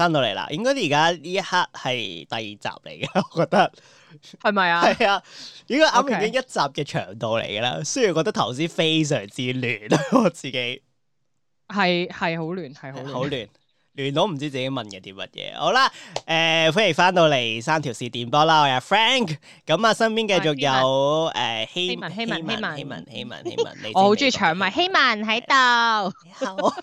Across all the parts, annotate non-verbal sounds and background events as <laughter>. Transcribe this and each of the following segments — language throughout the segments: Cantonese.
翻到嚟啦，應該而家呢一刻係第二集嚟嘅，我覺得係咪啊？係啊，應該啱啱已經一集嘅長度嚟嘅啦。雖然覺得頭先非常之亂，我自己係係好亂，係好亂，好亂，亂到唔知自己問嘅啲乜嘢。好啦，誒歡迎翻到嚟三條線電波啦，我係 Frank，咁啊身邊繼續有誒希文、希文、希文、希文、希文、希文，我好中意搶文。希文喺度。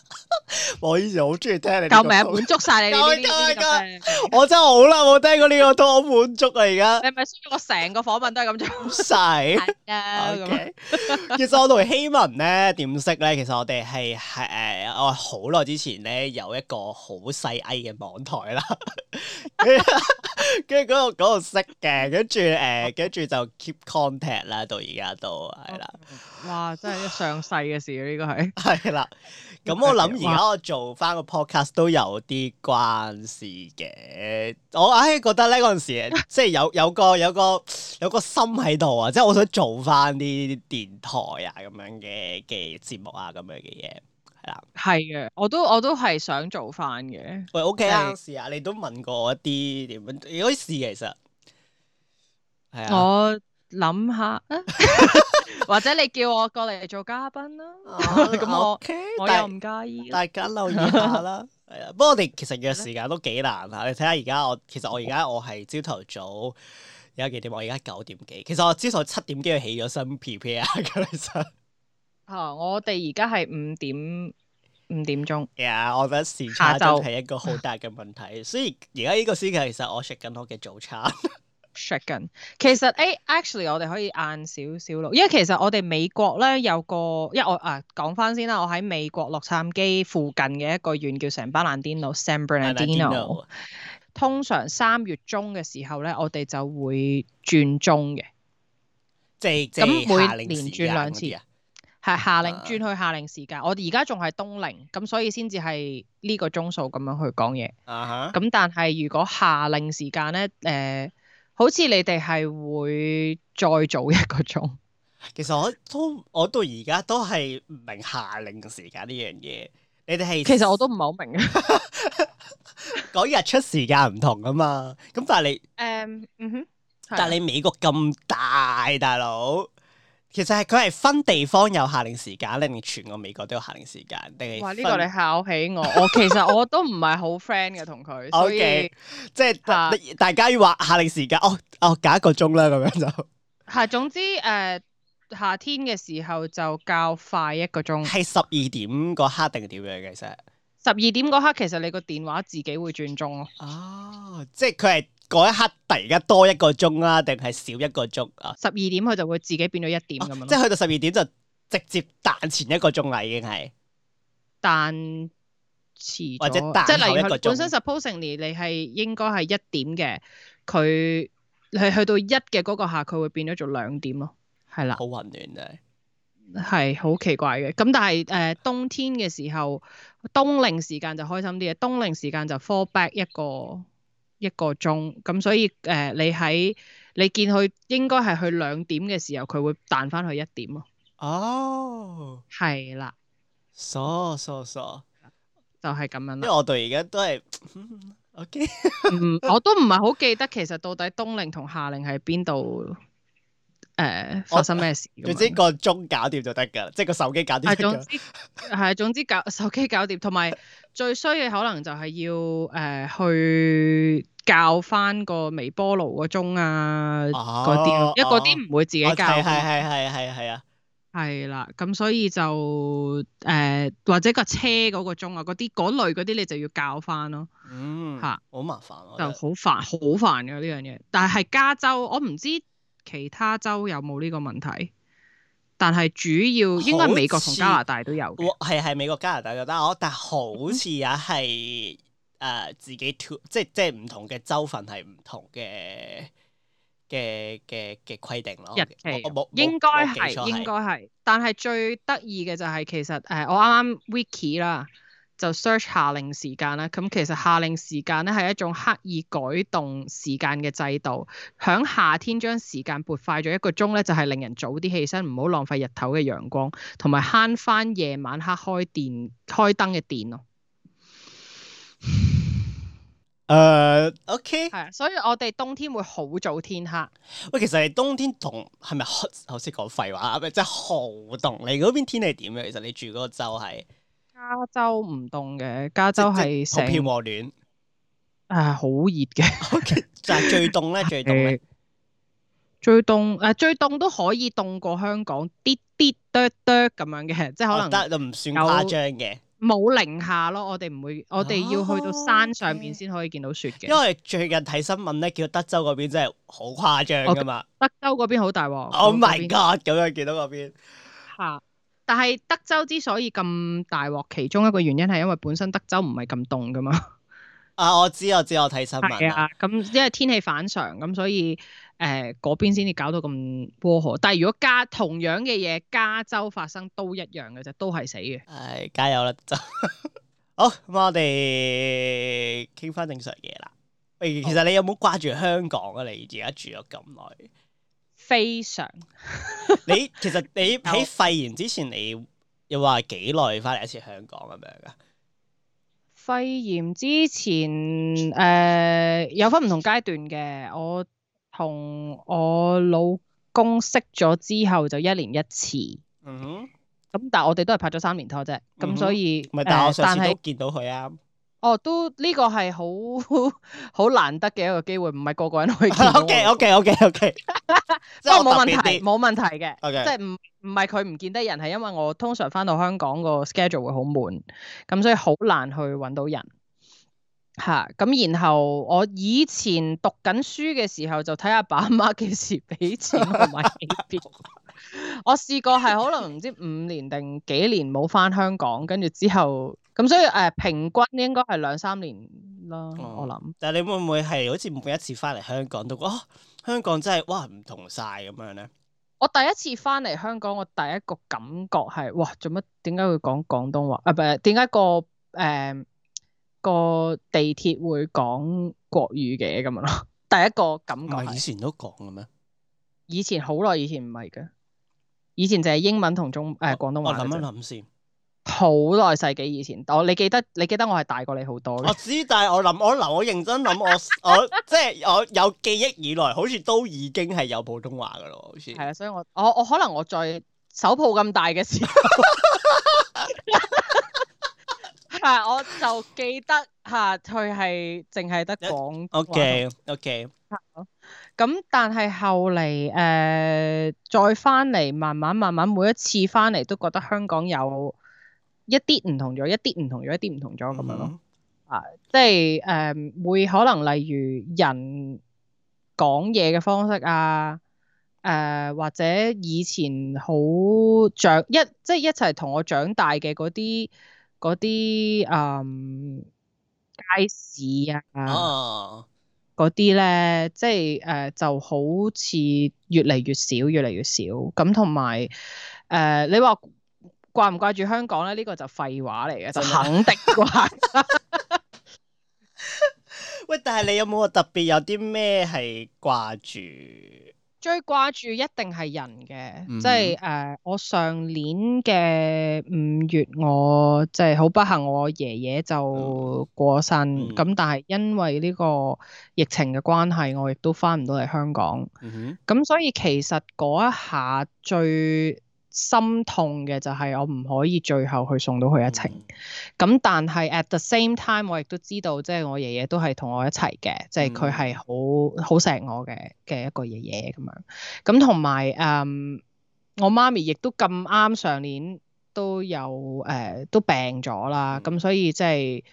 我以前好中意聽你，救命，滿足晒你！你這個、我真係好耐冇聽過呢個，都好滿足啊！而家你係咪需要我成個訪問都係咁做？好細啊！其實我同希文咧點識咧？其實我哋係係誒，我好耐之前咧有一個好細 I 嘅網台啦，跟住嗰度嗰度識嘅，跟住誒，跟住、呃、就 keep contact 啦，到而家都係啦。哇！真係一上世嘅事，啊，呢個係係啦。咁 <laughs> 我諗而家我做翻個 podcast 都有啲關事嘅。我唉、哎、覺得咧嗰陣時， <laughs> 即係有有個有個有個心喺度啊，即係我想做翻啲電台啊咁樣嘅嘅節目啊咁樣嘅嘢係啦。係嘅，我都我都係想做翻嘅。喂，OK，試下你都問過我一啲點樣，你可以試其實係啊。我諗下啊。 <laughs> 或者你叫我過嚟做嘉賓啦，咁、oh, <laughs> 我 okay, 我又唔介意。大家留意下啦，係啊，不過我哋其實約時間都幾難啊。 <laughs> 你睇下而家我，其實我而家我係朝頭早而家幾點？我而家九點幾。其實我朝早七點幾就起咗身 P P R 咁樣先。啊， <laughs> oh, 我哋而家係五點五點鐘。Yeah, 我覺得時差真係一個好大嘅問題。 <laughs> 所以而家呢個星期其實我食緊我嘅早餐。Shaken，其實誒，actually、欸、我哋可以晏少少咯，因為其實我哋美國咧有個，因為我啊講翻先啦，我喺美國洛杉磯附近嘅一個縣叫成巴蘭攣路 （San b e r n a d i n o ard 通常三月中嘅時候咧，我哋就會轉鐘嘅，即係咁每年轉兩次啊。係夏令，下令轉去夏令時間，uh huh. 我哋而家仲係冬令咁，所以先至係呢個鐘數咁樣去講嘢啊。咁、uh，huh. 但係如果夏令時間咧，誒、呃。好似你哋係會再早一個鐘，其實我都我到而家都係唔明夏令嘅時間呢樣嘢。你哋係，其實我都唔係好明，嗰日出時間唔同啊嘛。咁但係你誒、嗯，嗯哼，但係你美國咁大，大佬。其實係佢係分地方有下令時間，定全個美國都有下令時間？哇！呢、這個你考起我， <laughs> 我其實我都唔係好 friend 嘅同佢， <laughs> 所以、okay. 即係、啊、大家要話下令時間，哦哦，減一個鐘啦，咁樣就係。總之誒、呃，夏天嘅時候就較快一個鐘。係十二點嗰刻定係點樣嘅？其實十二點嗰刻，其實你個電話自己會轉鐘咯。哦，即係佢係。嗰一刻，突然間多一個鐘啊，定係少一個鐘啊？十二點佢就會自己變咗一點咁樣、啊啊，即係去到十二點就直接彈前一個鐘啊，已經係彈遲咗，或者即係例如佢本身，supposing 你係應該係一點嘅，佢係去到一嘅嗰個下，佢會變咗做兩點咯。係啦，好混亂嘅，係好奇怪嘅。咁但係誒、呃，冬天嘅時候，冬令時間就開心啲嘅，冬令時間就 fall back 一個。一個鐘咁，所以誒、呃，你喺你見佢應該係去兩點嘅時候，佢會彈翻去一點咯。哦，係啦、oh。係嘅，傻傻傻，就係咁樣啦。因為我到而家都係，我記唔，我都唔係好記得，其實到底冬令同夏令係邊度？誒，發生咩事哦？總之個鐘搞掂就得噶，即係個手機搞掂。係總之， <laughs> 總之搞手機搞掂，同埋 <laughs> 最衰嘅可能就係要誒、呃、去教翻個微波爐個鐘啊，嗰啲，哦，些因為嗰啲唔會自己教。係係係係係啊，係啦、嗯，咁所以就誒、呃、或者個車嗰個鐘啊，嗰啲嗰類嗰啲你就要教翻咯。嗯，吓好、啊、麻煩，覺得 就好煩，好煩嘅呢樣嘢。但係係加州，我唔知。其他州有冇呢個問題？但係主要應該美國同加拿大都有嘅，係係美國加拿大就得，呃呃，我但係好似也係誒自己 two 即係即係唔同嘅州份係唔同嘅嘅嘅嘅規定咯。一期我冇，我應該係應該係，但係最得意嘅就係，是，其實誒、呃、我啱啱 Wiki 啦。就 search 夏令時間啦，咁其實夏令時間咧係一種刻意改動時間嘅制度。響夏天將時間撥快咗一個鐘咧，就係、是、令人早啲起身，唔好浪費日頭嘅陽光，同埋慳翻夜晚黑開電開燈嘅電咯。誒、uh，OK，係啊，所以我哋冬天會好早天黑。喂，其實你冬天同係咪好？頭先講廢話啊，唔係真係好凍。你嗰邊天氣點樣？其實你住嗰個州係？加州唔凍嘅，加州係成片和暖，誒好熱嘅，就係、 <laughs> okay，最凍咧，最凍、 <laughs> 啊，最凍誒，最凍都可以凍過香港，啲啲得得咁樣嘅，即係可能得又唔算誇張嘅，冇零下咯，我哋唔會，我哋要去到山上邊先可以見到雪嘅。Okay. 因為最近睇新聞咧，叫德州嗰邊真係好誇張噶嘛、哦，德州嗰邊好大喎，Oh my God！咁樣見到嗰邊吓。 <laughs> 但係德州之所以咁大鑊，其中一個原因係因為本身德州唔係咁凍㗎嘛。啊，我知我知，我睇新聞。係啊，咁因為天氣反常，咁所以誒嗰、呃、邊先至搞到咁波河。但係如果加同樣嘅嘢，加州發生都一樣嘅就都係死嘅。係、哎，加油啦！州 <laughs> 好，咁我哋傾翻正常嘢啦。其實你有冇掛住香港啊？你而家住咗咁耐？非常 <laughs> 你。你其實你喺肺炎之前，你又話幾耐翻嚟一次香港咁樣㗎？肺炎之前誒、呃，有分唔同階段嘅。我同我老公識咗之後就一年一次。嗯哼。咁但係我哋都係拍咗三年拖啫，咁所以唔係、嗯，但係我上次都見到佢啊。哦，都呢個係好好難得嘅一個機會，唔係個個人可以見。O K O K O K O K，即係冇問題，冇問題嘅。Okay. 即係唔唔係佢唔見得人，係因為我通常翻到香港個 schedule 會好滿，咁所以好難去揾到人。嚇，咁然後我以前讀緊書嘅時候就睇阿爸阿媽幾時俾錢我買機票。 <laughs> <laughs> <laughs> 我試過係可能唔知五年定幾年冇翻香港，跟住之後。咁所以誒、呃，平均應該係兩三年啦，嗯、我諗想。但係你會唔會係好似每一次翻嚟香港都話、哦、香港真係哇唔同晒咁樣咧？我第一次翻嚟香港，我第一個感覺係哇做乜？點解會講廣東話？誒唔係點解個誒個地鐵會講國語嘅咁樣咯？第一個感覺係以前都講嘅咩？以前好耐以前唔係嘅，以前就係英文同中誒、呃、廣東話。諗一諗先。好耐世紀以前，我你記得你記得我係大過你好多嘅。我知，但係我諗，我諗我認真諗，我我即係我有記憶以來，好似都已經係有普通話噶咯。好似係啊，所以我我我可能我再手抱咁大嘅時候，係我就記得吓佢係淨係得講。OK OK。咁但係後嚟誒、呃，再翻嚟，慢慢慢慢，每一次翻嚟都覺得香港有。一啲唔同咗，一啲唔同咗，一啲唔同咗咁樣咯。嗯、哼啊，即係誒、呃，會可能例如人講嘢嘅方式啊，誒、呃、或者以前好長一，即係一齊同我長大嘅嗰啲嗰啲誒街市啊，嗰啲咧，即係誒、呃、就好似越嚟越少，越嚟越少咁，同埋誒你話。掛唔掛住香港咧？呢、這個就廢話嚟嘅，就肯定掛。 <laughs> <laughs> 喂，但係你有冇特別有啲咩係掛住？最掛住一定係人嘅，即係誒，就是 uh, 我上年嘅五月，我即係好不幸，我爺爺就過身。咁、嗯嗯、但係因為呢個疫情嘅關係，我亦都返唔到嚟香港。咁、嗯、哼所以其實嗰一下最。心痛嘅就係我唔可以最後去送到佢一程。咁、嗯嗯、但係 at the same time，我亦都知道，即係我爺爺都係同我一齊嘅，即係佢係好好錫我嘅嘅一個爺爺咁樣。咁同埋嗯，我媽咪亦都咁啱上年都有誒都病咗啦。咁、嗯嗯、所以即係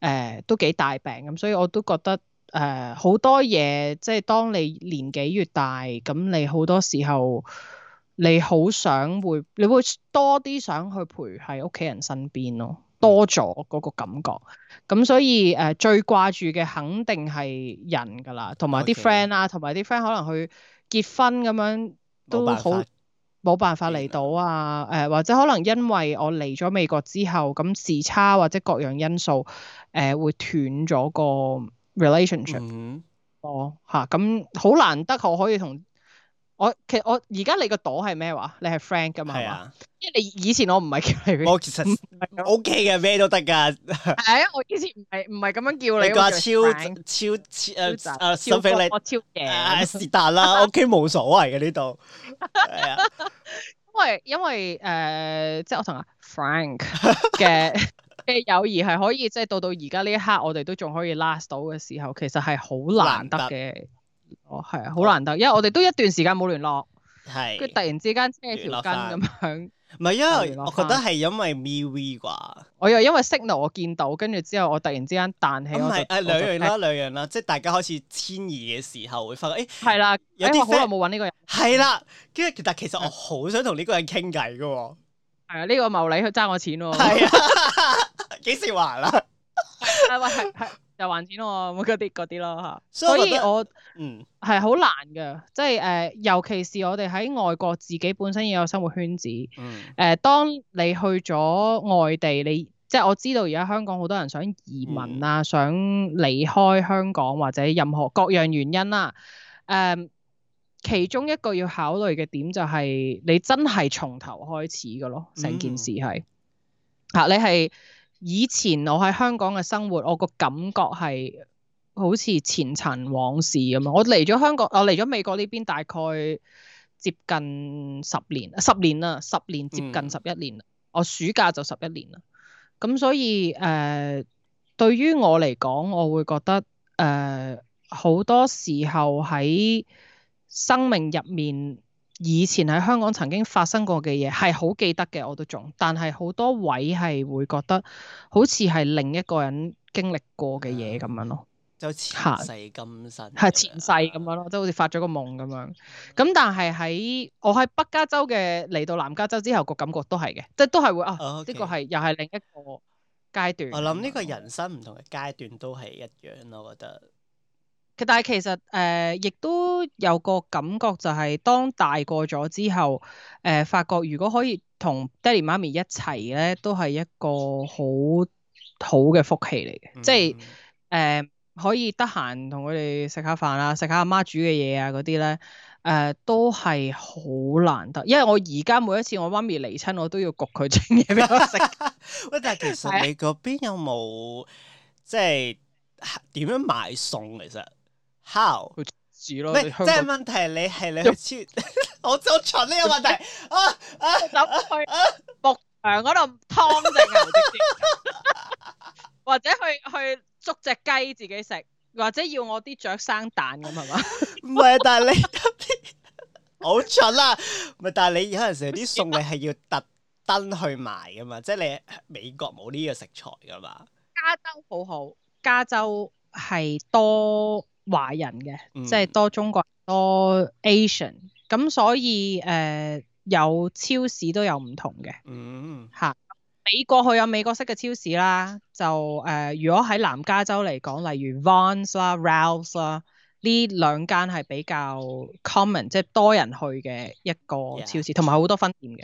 誒都幾大病咁，所以我都覺得誒好多嘢，即係當你年紀越大，咁你好多時候。你好想會，你會多啲想去陪喺屋企人身邊咯，多咗嗰個感覺。咁、嗯、所以誒、呃，最掛住嘅肯定係人噶啦，同埋啲 friend 啊，同埋啲 friend 可能去結婚咁樣都好冇辦法嚟到啊。誒、呃，或者可能因為我嚟咗美國之後，咁時差或者各樣因素，誒、呃、會斷咗個 relationship。哦、嗯，吓、啊，咁好難得我可以同。我其實我而家你個朵係咩話？你係 Frank 噶嘛？係啊，因為你以前我唔係叫係我其實 OK 嘅，咩都得噶。係啊，我以前唔係唔係咁樣叫你。你話超超超誒誒，除非你我超嘅。誒是但啦，OK 冇所謂嘅呢度。係啊，因為因為誒，即係我同阿 Frank 嘅嘅友誼係可以，即係到到而家呢一刻，我哋都仲可以 last 到嘅時候，其實係好難得嘅。哦，係啊，好難得，因為我哋都一段時間冇聯絡，係，跟住突然之間扯條筋咁樣，唔係，因為我覺得係因為 MV 啩，我又因為 signal 我見到，跟住之後我突然之間彈起我，唔係，誒兩樣啦，兩樣啦，即係大家開始遷移嘅時候會發覺，誒係啦，有啲好耐冇搵呢個人，係啦，跟住但其實我好想同呢個人傾偈嘅，係啊，呢個牟利去爭我錢，係啊，幾時還啦？啊喂。就還錢喎，嗰啲嗰啲咯嚇，所以我嗯係好難嘅，即係誒、呃，尤其是我哋喺外國自己本身要有生活圈子，誒、嗯呃，當你去咗外地，你即係我知道而家香港好多人想移民啊，嗯、想離開香港或者任何各樣原因啦、啊，誒、呃，其中一個要考慮嘅點就係、是、你真係從頭開始嘅咯，成件事係嚇、嗯啊、你係。以前我喺香港嘅生活，我個感覺係好似前塵往事咁樣。我嚟咗香港，我嚟咗美國呢邊大概接近十年，十年啦，十年接近十一年啦。嗯、我暑假就十一年啦。咁所以誒、呃，對於我嚟講，我會覺得誒好、呃、多時候喺生命入面。以前喺香港曾經發生過嘅嘢，係好記得嘅，我都仲，但係好多位係會覺得好似係另一個人經歷過嘅嘢咁樣咯，就前世今生係前世咁樣咯，即係、嗯、好似發咗個夢咁樣。咁、嗯、但係喺我喺北加州嘅嚟到南加州之後個感覺都係嘅，即係都係會啊呢、哦 okay. 個係又係另一個階段。我諗呢個人生唔同嘅階段都係一樣咯，我覺得。但係其實誒、呃，亦都有個感覺就係當大個咗之後，誒、呃、發覺如果可以同爹哋媽咪一齊咧，都係一個好好嘅福氣嚟嘅。嗯嗯，即係誒、呃、可以得閒同佢哋食下飯啦、啊，食下阿媽煮嘅嘢啊，嗰啲咧，誒、呃、都係好難得，因為我而家每一次我媽咪嚟親，我都要焗佢整嘢俾我食。喂， <laughs> <laughs> 但係其實你嗰邊有冇、哎、呀即係點樣買餸其實？how？唔係，即係問, <laughs> 問題，你係你去切，我好蠢呢個問題啊啊，走去啊牧場嗰度劏隻牛， <laughs> <laughs> 或者去去捉隻雞自己食，或者要我啲雀生蛋咁係嘛？唔係， <laughs> 但係你 <laughs> 好蠢啊！唔係，但係你有可能成日啲餸，你係要特登去買㗎嘛？ <laughs> 即係你美國冇呢個食材㗎嘛？加州好好，加州係多。華人嘅即係多中國多 Asian 咁、嗯，所以誒、呃、有超市都有唔同嘅，吓、嗯啊。美國佢有美國式嘅超市啦，就誒、呃、如果喺南加州嚟講，例如 Vons 啦、Ralphs 啦呢兩間係比較 common，即係多人去嘅一個超市，同埋好多分店嘅。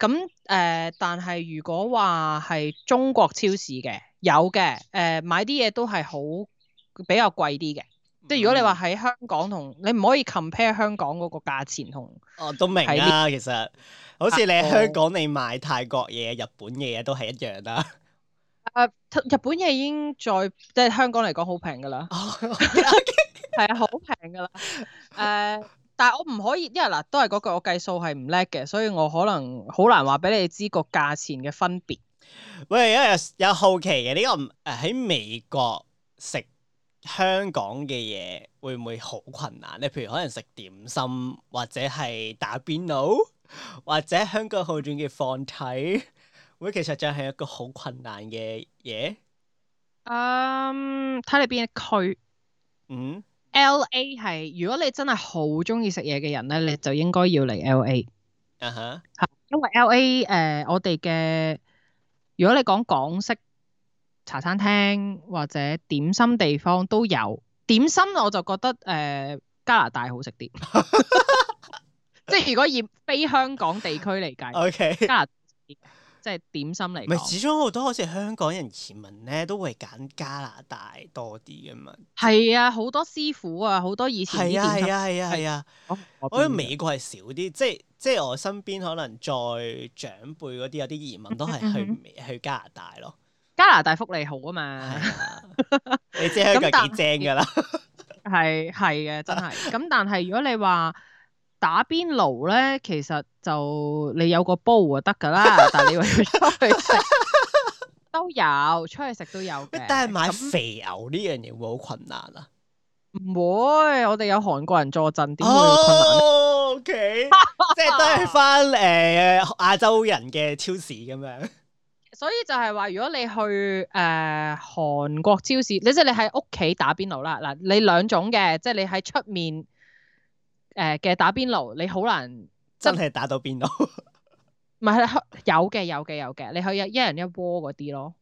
咁、嗯、誒、呃，但係如果話係中國超市嘅有嘅，誒、呃、買啲嘢都係好比較貴啲嘅。即係，如果你話喺香港同你唔可以 compare 香港嗰個價錢同哦都明啦。其實好似你喺香港，你買泰國嘢、日本嘢都係一樣啦。誒、呃，日本嘢已經在即係香港嚟講好平噶啦，係啊， <laughs> <laughs> 好平噶啦。誒、呃，但係我唔可以，因為嗱都係嗰句，我計數係唔叻嘅，所以我可能好難話俾你知個價錢嘅分別。喂，因為有有好奇嘅呢、這個唔喺美國食？香港嘅嘢會唔會好困難？你譬如可能食點心，或者係打邊爐，或者香港好中意放題，會其實就係一個好困難嘅嘢。睇你、um, 邊一區？嗯，L A 係如果你真係好中意食嘢嘅人咧，你就應該要嚟 L A。啊哈、uh，huh. 因為 L A 誒、呃、我哋嘅，如果你講港式。茶餐廳或者點心地方都有點心，我就覺得誒、呃、加拿大好食啲， <laughs> <laughs> 即係如果以非香港地區嚟計，Okay. 加拿大即係點心嚟。唔係始終好多好似香港人移民咧，都會揀加拿大多啲咁嘛。係啊，好多師傅啊，好多以前係啊係啊係啊，啊啊啊啊哦、我覺得美國係少啲，即係即係我身邊可能再長輩嗰啲有啲移民都係去 <laughs> 去加拿大咯。加拿大福利好啊嘛， <laughs> <music> 你知香港就幾正噶啦，係係嘅，真係。咁但係如果你話打邊爐咧，其實就你有個煲就得噶啦，但係你要出去食都有，出去食都有，都有，但係買肥牛呢樣嘢會好困難啊？唔會，啊、會，我哋有韓國人坐鎮，點會困難？O K，即係都係翻誒亞洲人嘅超市咁樣。所以就係話，如果你去誒、呃、韓國超市，即你即係你喺屋企打邊爐啦。嗱，你兩種嘅，即係你喺出面誒嘅、呃、打邊爐，你好難真係打到邊爐。唔 <laughs> 係，有嘅有嘅有嘅，你可以一人一鍋嗰啲咯。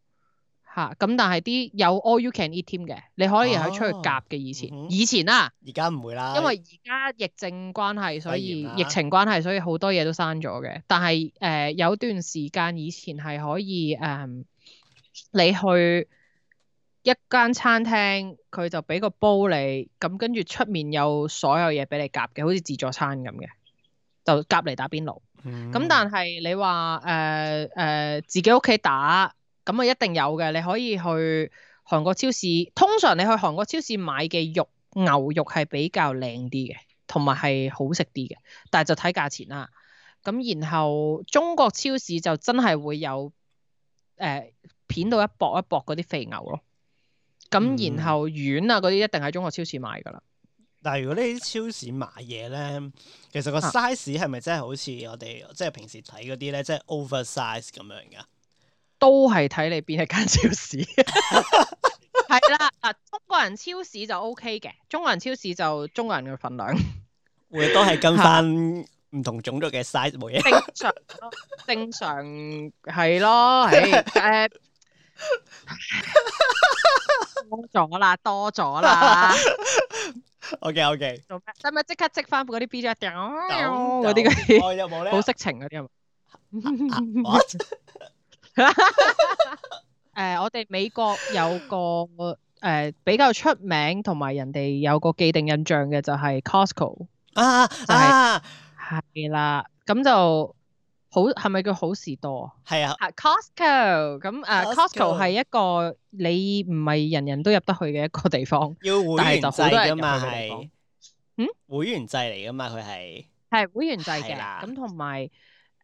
嚇咁，但係啲有 all you can eat 添嘅，你可以可以出去夾嘅。以前，啊嗯、以前啦、啊，而家唔會啦。因為而家疫症關係，所以疫情關係，所以好多嘢都閂咗嘅。但係誒、呃，有段時間以前係可以誒、嗯，你去一間餐廳，佢就俾個煲你，咁跟住出面有所有嘢俾你夾嘅，好似自助餐咁嘅，就夾嚟打邊爐。咁、嗯、但係你話誒誒自己屋企打。咁啊，一定有嘅。你可以去韓國超市，通常你去韓國超市買嘅肉，牛肉係比較靚啲嘅，同埋係好食啲嘅。但係就睇價錢啦。咁然後中國超市就真係會有誒、呃、片到一薄一薄嗰啲肥牛咯。咁然後丸啊嗰啲一定喺中國超市買㗎啦、嗯。但係如果你啲超市買嘢咧，其實個 size 係咪、啊、真係好似我哋即係平時睇嗰啲咧，即、就、係、是、oversize 咁樣㗎？都係睇你邊一間超市，係啦嗱，中國人超市就 O K 嘅，中國人超市就中國人嘅份量，會都係跟翻唔同種族嘅 size 冇嘢，正常咯，正常係咯，誒多咗啦，多咗啦，O K O K 做咩？使咪即刻積翻嗰啲 B J 掉嗰啲嗰啲好色情嗰啲啊？誒， <laughs> <laughs> uh, 我哋美國有個誒、uh, 比較出名，同埋人哋有個既定印象嘅就係 Costco 啊，係啦，咁就好係咪叫好市多啊？係、uh, Costco, 啊，Costco 咁啊，Costco 係一個你唔係人人都入得去嘅一個地方，要會員制噶嘛？係嗯，會員制嚟噶嘛？佢係係會員制嘅，咁同埋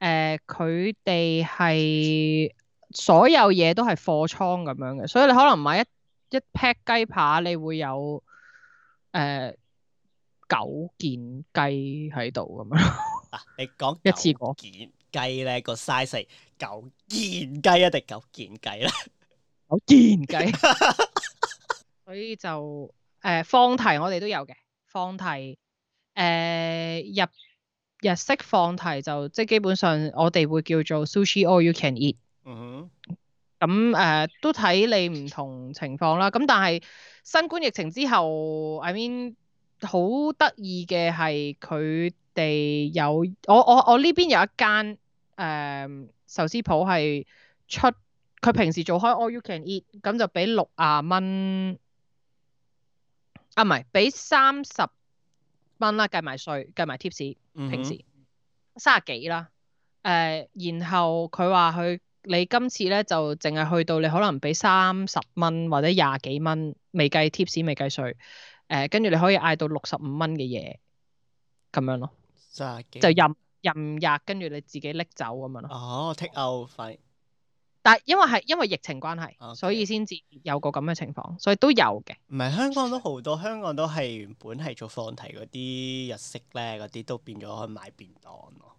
誒，佢哋係。呃所有嘢都係貨倉咁樣嘅，所以你可能買一一 pack 雞扒，你會有誒、呃、九件雞喺度咁樣。嗱、 <laughs> 啊，你講一次講件雞咧，個 size 九件雞一定九件雞咧？ <laughs> 九件雞。所以就誒放、呃、題、題，我哋都有嘅放題。誒日日式放題就即係基本上我哋會叫做 sushi all you can eat。嗯咁誒、嗯呃、都睇你唔同情況啦。咁、嗯、但係新冠疫情之後，I mean 好得意嘅係佢哋有，有我我我呢邊有一間誒壽司鋪係出佢平時做開 all you can eat，咁就俾六啊蚊啊唔係俾三十蚊啦計埋稅計埋 tips，平時卅幾啦。誒、呃、然後佢話佢。你今次咧就淨係去到你可能俾三十蚊或者廿幾蚊，未計 tips 未計稅，誒、呃，跟住你可以嗌到六十五蚊嘅嘢咁樣咯，就任任日跟住你自己拎走咁樣咯。哦，take out 費，但係因為係因為疫情關係，Okay. 所以先至有個咁嘅情況，所以都有嘅。唔係香港都好多，香港都係原本係做放題嗰啲日式咧，嗰啲都變咗去買便當咯。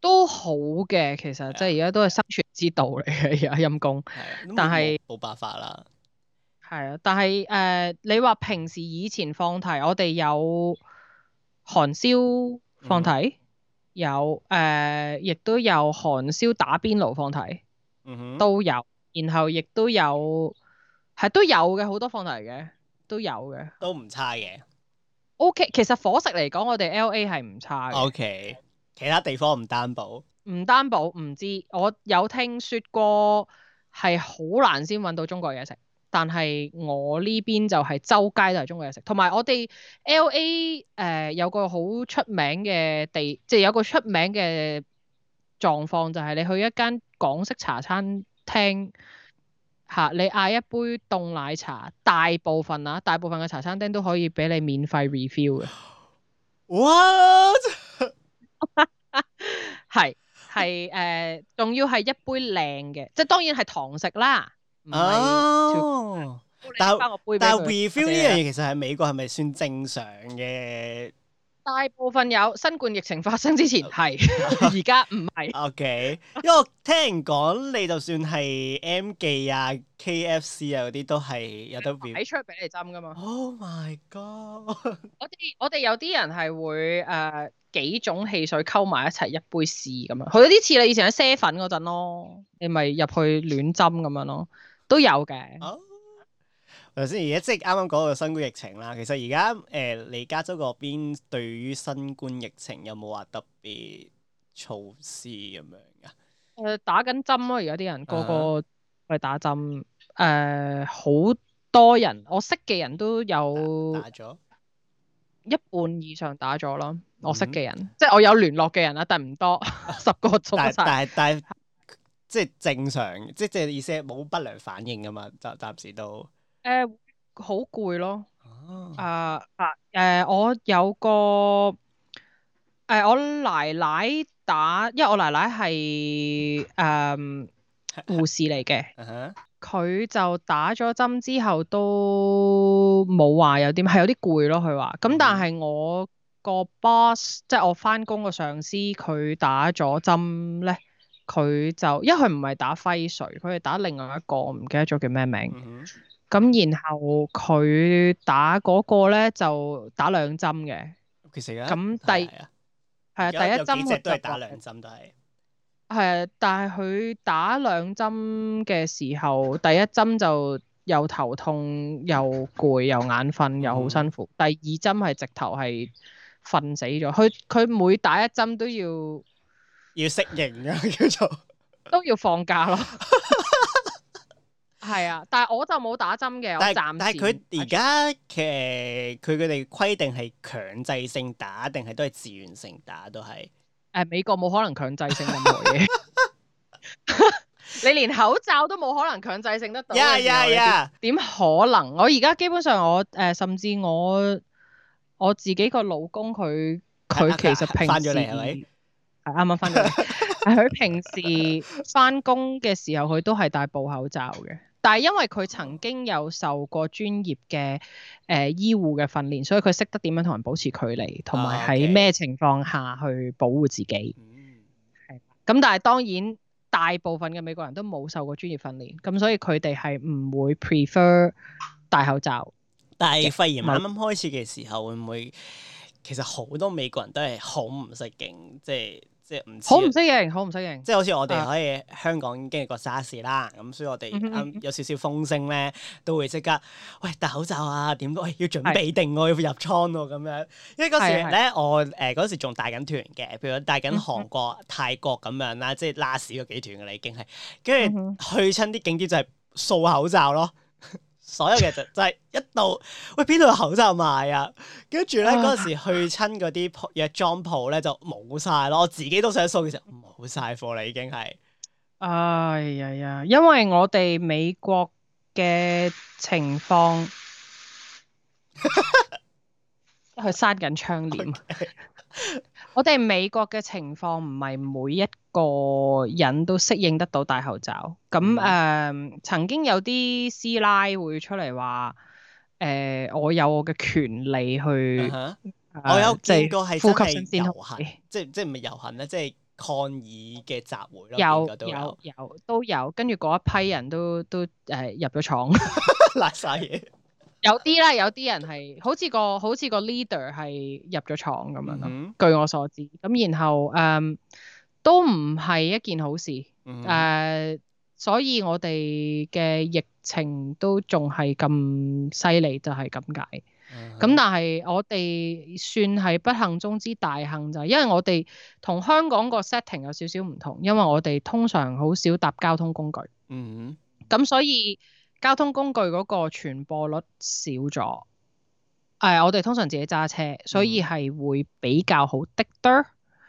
都好嘅，其實即係而家都係生存。知道嚟嘅而家陰公是，但係冇辦法啦。係啊，但係誒，你話平時以前放題，我哋有韓燒放題，嗯、有誒、呃，亦都有韓燒打邊爐放題，嗯、哼都有，然後亦都有係都有嘅，好多放題嘅都有嘅，都唔差嘅。OK，其實伙食嚟講，我哋 L A 係唔差嘅。OK，其他地方唔擔保。唔擔保唔知，我有聽說過係好難先揾到中國嘢食。但係我呢邊就係周街都係中國嘢食。同埋我哋 LA 誒、呃、有個好出名嘅地，即係有個出名嘅狀況，就係、係、你去一間港式茶餐廳嚇、啊，你嗌一杯凍奶茶，大部分啊，大部分嘅茶餐廳都可以俾你免費 refill 嘅。What？係。 <laughs> <laughs> 係誒，仲、呃、要係一杯靚嘅，即係當然係堂食啦。哦，但係但係，refill 呢樣嘢其實喺美國係咪算正常嘅？大部分有新冠疫情發生之前係，而家唔係。Okay，因為我聽人講，你就算係 M 記啊、K F C 啊嗰啲都係有得俾 <laughs> 出俾你針噶嘛。Oh my god！ <laughs> 我哋我哋有啲人係會誒、呃、幾種汽水溝埋一齊一杯試咁樣，有啲似你以前喺啡粉嗰陣咯，你咪入去亂針咁樣咯，都有嘅。Oh. 頭先而家即係啱啱講到新冠疫情啦，其實而家誒，你、呃、加州嗰邊對於新冠疫情有冇話特別措施咁樣噶？誒、呃，打緊針咯，而家啲人個個去打針。誒、啊，好、呃、多人，我識嘅人都有打咗一半以上打咗咯。我識嘅人，嗯、即係我有聯絡嘅人啦，但唔多十個中。 <laughs> 但係但係即係正常，即係即係意思係冇不良反應噶嘛？暫暫時都。誒，好攰、呃、咯。啊啊誒，我有個誒、呃，我奶奶打，因為我奶奶係誒、呃、護士嚟嘅，佢 <laughs> 就打咗針之後都冇話有啲，係有啲攰咯。佢話咁，但係我個 boss，即係我翻工個上司，佢打咗針咧，佢就一係唔係打輝水，佢係打另外一個，唔記得咗叫咩名。嗯咁然後佢打嗰個咧就打兩針嘅，其實啊，咁第係啊，的的第一針佢都係打兩針都係，係啊，但係佢打兩針嘅時候，第一針就又頭痛又攰又眼瞓又好辛苦，嗯、第二針係直頭係瞓死咗。佢佢每打一針都要要適應㗎，叫 <laughs> 做都要放假咯。 <laughs> 係啊，但係我就冇打針嘅，我暫時唔打針。但係佢而家，佢佢哋規定係強制性打定係都係自願性打都係。誒、呃，美國冇可能強制性咁做嘅。你連口罩都冇可能強制性得到。呀點、yeah, yeah , yeah. 可能？我而家基本上我誒、呃，甚至我我自己個老公佢佢其實平時，啱啱翻咗嚟。佢、嗯 <laughs> 啊、平時翻工嘅時候，佢都係戴布口罩嘅。但係因為佢曾經有受過專業嘅誒、呃、醫護嘅訓練，所以佢識得點樣同人保持距離，同埋喺咩情況下去保護自己。嗯、哦，係。咁但係當然大部分嘅美國人都冇受過專業訓練，咁所以佢哋係唔會 prefer 戴口罩。但係肺炎啱啱開始嘅時候，嗯、會唔會其實好多美國人都係好唔適應，即係。即係唔好唔適應，好唔適應。即係好似我哋可以香港經歷過沙士啦，咁、啊、所以我哋有少少風聲咧，嗯嗯都會即刻：喂「喂戴口罩啊，點都要準備定喎，是要入倉喎咁樣。因為嗰時咧，是是我誒嗰、呃、時仲帶緊團嘅，譬如帶緊韓國、嗯、哼泰國咁樣啦，即係 last 嗰幾團嘅啦已經係，跟住去親啲景點就係掃口罩咯。 <laughs> 所有嘅就就係一到，喂，邊度有口罩賣啊！跟住咧，嗰陣時去親嗰啲藥妝鋪咧就冇晒咯，我自己都想掃，其實冇晒貨啦已經係。哎呀呀！因為我哋美國嘅情況，佢 <laughs> <laughs> 閂緊窗簾。Okay. <laughs> 我哋美國嘅情況唔係每一個人都適應得到戴口罩。咁誒、嗯啊呃，曾經有啲師奶會出嚟話：誒、呃，我有我嘅權利去。Uh huh. 呃、我有見過係真係遊行，行，即係即係唔係遊行咧，即係抗議嘅集會咯。有有有都有，跟住嗰一批人都都誒、呃、入咗廠，辣晒嘢。 <laughs> 有啲啦，有啲人係好似個好似個 leader 係入咗廠咁樣咯。Mm hmm. 據我所知，咁然後誒、呃、都唔係一件好事誒、mm hmm. 呃，所以我哋嘅疫情都仲係咁犀利，就係咁解。咁、hmm. 嗯、但係我哋算係不幸中之大幸，就係因為我哋同香港個 setting 有少少唔同，因為我哋通常好少搭交通工具。Mm hmm. 嗯，咁所以。交通工具嗰個傳播率少咗，誒、哎，我哋通常自己揸車，所以係會比較好的、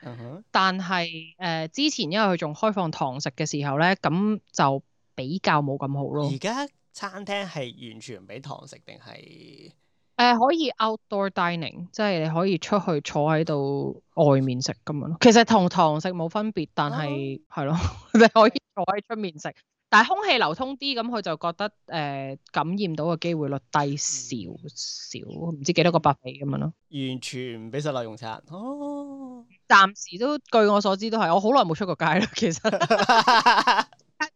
嗯、哼但係誒、呃，之前因為佢仲開放堂食嘅時候咧，咁就比較冇咁好咯。而家餐廳係完全唔俾堂食定係誒可以 outdoor dining，即係你可以出去坐喺度外面食咁樣咯。其實同堂食冇分別，但係係咯，哦、對了 <laughs> 你可以坐喺出面食。但係空氣流通啲，咁佢就覺得誒、呃、感染到嘅機會率低點點少少，唔知幾多個百比咁樣咯。完全唔俾室內用餐哦。暫時都據我所知都係，我好耐冇出過街咯。其實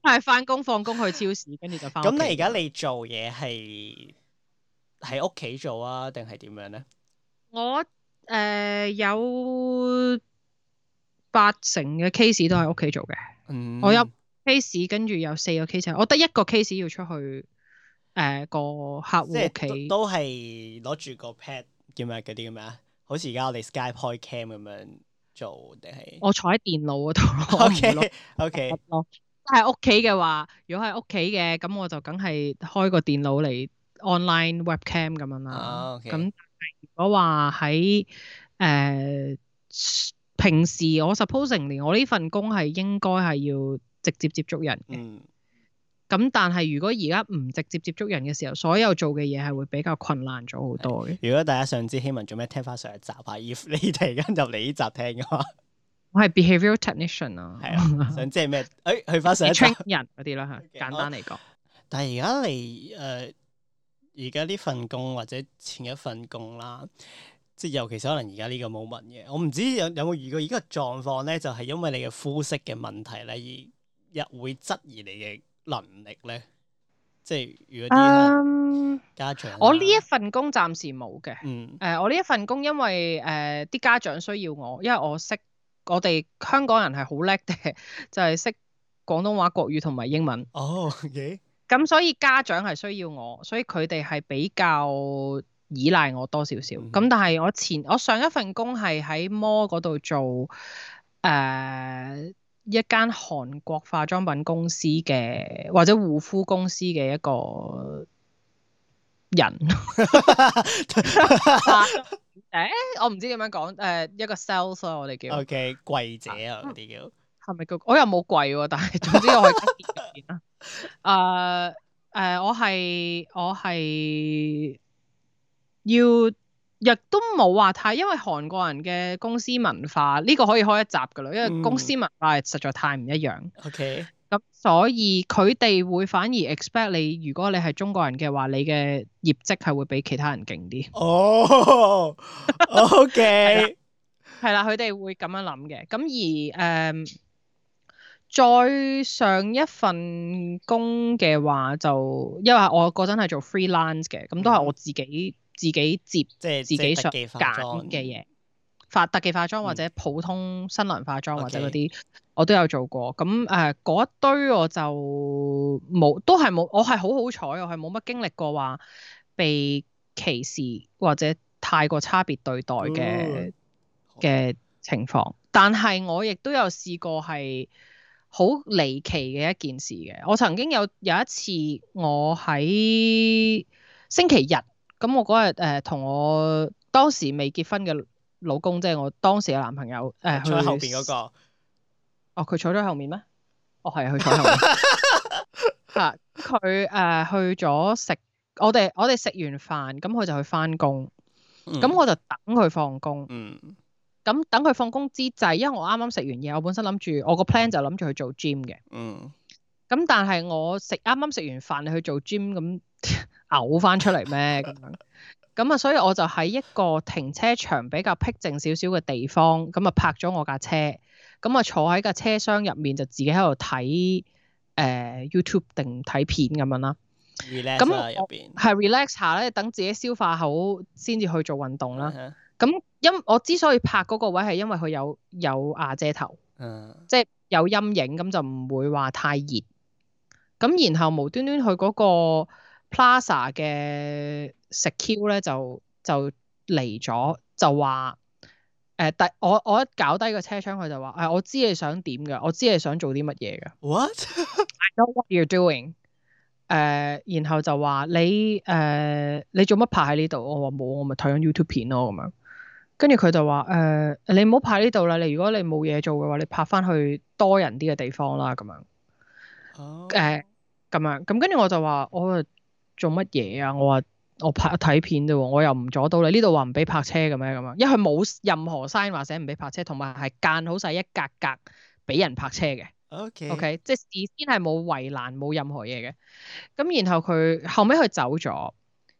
係返工、放工 <laughs> <laughs> 去超市，跟住就返。咁 <laughs> 你而家你做嘢係喺屋企做啊，定係點樣咧？我誒、呃、有八成嘅 case 都喺屋企做嘅。嗯、我有。case 跟住有四個 case，我得一個 case 要出去誒個、呃、客戶屋企都係攞住個 pad 叫咩嗰啲咁啊，好似而家我哋 Skype 開 cam 咁樣做定係我坐喺電腦嗰度咯。OK OK 咯。喺屋企嘅話，如果喺屋企嘅咁，我就梗係開個電腦嚟 online webcam 咁樣啦。咁、啊 okay. 如果話喺誒平時我 supposing 連我呢份工係應該係要。直接接觸人嘅，咁、嗯、但係如果而家唔直接接觸人嘅時候，所有做嘅嘢係會比較困難咗好多嘅。如果大家想知希文做咩聽翻上一集啊？ <laughs> 如果你哋跟就嚟呢集聽嘅話，我係 behavioral technician 啊，係啊，想知係咩？誒、 <laughs> 哎，去翻上一集人嗰啲啦吓，okay, 簡單嚟講、哦。但係而家你，誒、呃，而家呢份工或者前一份工啦，即係尤其可能而家呢個冇乜嘢。我唔知有有冇遇過而家狀況咧，就係、是、因為你嘅膚色嘅問題咧而。日會質疑你嘅能力咧，即係如果啲家長，um, 我呢一份工暫時冇嘅，嗯，誒，uh, 我呢一份工因為誒啲、呃、家長需要我，因為我識我哋香港人係好叻嘅，就係、是、識廣東話、國語同埋英文。哦，咁所以家長係需要我，所以佢哋係比較依賴我多少少。咁、mm hmm. 但係我前我上一份工係喺摩嗰度做誒。呃一間韓國化妝品公司嘅或者護膚公司嘅一個人，誒、 <laughs> <laughs> <laughs> 欸，我唔知點樣講，誒、呃，一個 sales 咯、啊，我哋叫，OK，櫃姐啊啲叫，係咪、okay，啊啊、叫是是、那個？我又冇櫃喎，但係總之我係啊誒，我係我係要。亦都冇話太，因為韓國人嘅公司文化呢、呢個可以開一集噶啦，因為公司文化實在太唔一樣。嗯、OK，咁所以佢哋會反而 expect 你，如果你係中國人嘅話，你嘅業績係會比其他人勁啲。哦、oh，OK，係啦， <laughs> 佢哋會咁樣諗嘅。咁而誒、嗯，再上一份工嘅話就，就因為我嗰陣係做 freelance 嘅，咁都係我自己。自己接即係自己上揀嘅嘢，化特技化妝或者普通新娘化妝或者嗰啲，嗯、我都有做過，咁誒嗰一堆我就冇，都係冇。我係好好彩，我係冇乜經歷過話被歧視或者太過差別對待嘅嘅、嗯、情況，但係我亦都有試過，係好離奇嘅一件事嘅。我曾經有有一次，我喺星期日。咁我嗰日誒，同、呃、我當時未結婚嘅老公，即係我當時嘅男朋友，誒、呃，坐喺後邊嗰、那個哦面，哦，佢坐咗後面咩？哦，係啊，佢坐後邊啊，佢、呃、誒去咗食，我哋我哋食完飯，咁佢就去翻工，咁、嗯、我就等佢放工，咁、嗯、等佢放工之際，因為我啱啱食完嘢，我本身諗住我個 plan 就諗住去做 gym 嘅，嗯。咁但係我食啱啱食完飯，你去做 gym 咁嘔翻出嚟咩？咁 <laughs> 樣咁啊，所以我就喺一個停車場比較僻靜少少嘅地方，咁啊拍咗我架車，咁啊坐喺架車廂入面就自己喺度睇誒 YouTube 定睇片咁樣啦。咁啊入係 relax 下咧，我下等自己消化好先至去做運動啦。咁、嗯、哼因我之所以拍嗰個位係因為佢有有啊遮頭，嗯、即係有陰影，咁就唔會話太熱。咁然後無端端佢嗰個 Plaza 嘅 secure 咧就就嚟咗，就話誒第我我一搞低個車窗，佢就話誒我知你想點㗎，我知，你想，我知你想做啲乜嘢嘅。」What <laughs> I know what you're doing、呃。誒，然後就話你誒、呃、你做乜拍喺呢度？我話冇，我咪睇緊 YouTube 片咯咁樣。跟住佢就話誒、呃、你唔好拍呢度啦，你如果你冇嘢做嘅話，你拍翻去多人啲嘅地方啦咁樣。誒咁樣咁，跟住、oh. 呃、我就話我、哦、做乜嘢啊？我話我拍睇片啫喎，我又唔阻到你呢度話唔俾泊車嘅咩咁啊？因為冇任何 sign 或者唔俾泊車，同埋係間好細一格格俾人泊車嘅。OK、Okay、okay? 即係事先係冇圍欄冇任何嘢嘅。咁然後佢後尾佢走咗，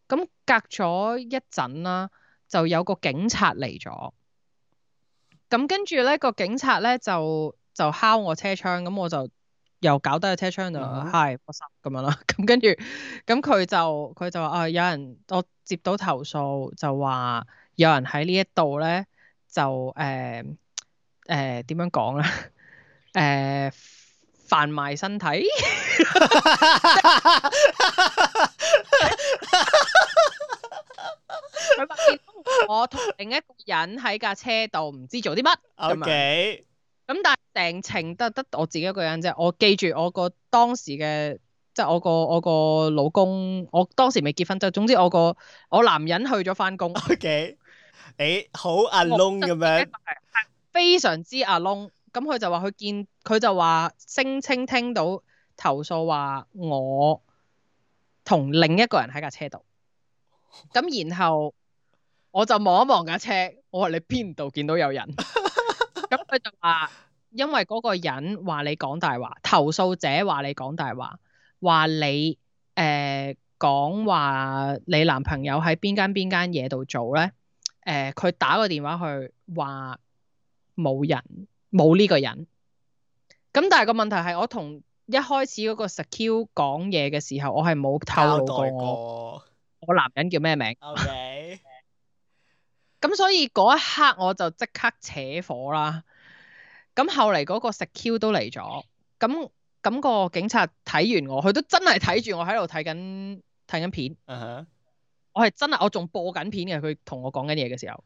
咁隔咗一陣啦，就有個警察嚟咗。咁跟住咧個警察咧就就敲我車窗，咁我就。又搞低個車窗度，係，唔心咁樣啦，咁跟住，咁、嗯、佢就佢就話啊，有人我接到投訴就話有人喺呢一度咧就誒誒點樣講咧誒販賣身體，佢 <laughs> 話 <laughs> 我同另一個人喺架車度唔知做啲乜。Okay. 咁但係訂程得得我自己一個人啫，我記住我個當時嘅，即係我個我個老公，我當時未結婚，就係總之我個我男人去咗返工。OK，你好 alone 咁樣，非常之 alone。咁佢就話佢見，佢就話聲稱聽到投訴話我同另一個人喺架車度。咁然後我就望一望架車，我話你邊度見到有人？ <laughs> 佢就話，因為嗰個人話你講大話，投訴者話你講大話，話你誒，講話你男朋友喺邊間邊間嘢度做咧，誒、呃、佢打個電話去話冇人冇呢個人，咁但係個問題係我同一開始嗰個 secure 講嘢嘅時候，我係冇透露過我男人叫咩名，咁 <laughs> 所以嗰一刻我就即刻扯火啦。咁後嚟嗰個 security 都嚟咗，咁咁、嗰個警察睇完我，佢都真係睇住我喺度睇緊睇緊片。Uh huh. 我係真係我仲播緊片嘅，佢同我講緊嘢嘅時候，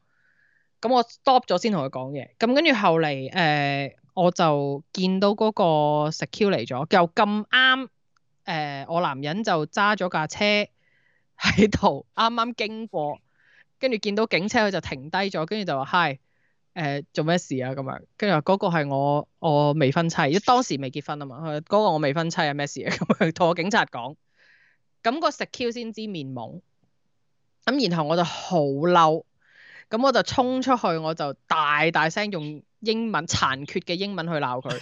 咁我 stop 咗先同佢講嘢。咁跟住後嚟，誒、呃、我就見到嗰個 security 嚟咗，又咁啱，誒、呃、我男人就揸咗架車喺度啱啱經過，跟住見到警車佢就停低咗，跟住就話嗨。」誒、呃，做咩事啊？咁樣，跟住話嗰個係我，我未婚妻，因為當時未結婚啊嘛。嗰、那個我未婚妻啊，咩事啊？咁樣同我警察講，咁個食 Q 先知面懵。咁然後我就好嬲，咁我就衝出去，我就大大聲用英文殘缺嘅英文去鬧佢。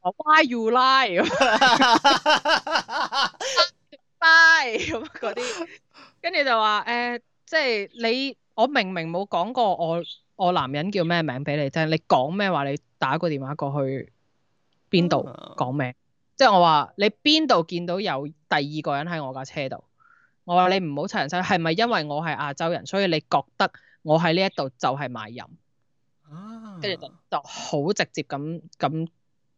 我「 <laughs> Why you lie？Why」咁嗰啲，跟住就話誒，即係你，我明明冇講過我。我男人叫咩名俾你聽？你講咩話？你打個電話過去邊度講咩？即係、就是、我話你邊度見到有第二個人喺我架車度？我話你唔好拆人身，係咪因為我係亞洲人，所以你覺得我喺呢一度就係賣淫？跟住就就好直接咁咁，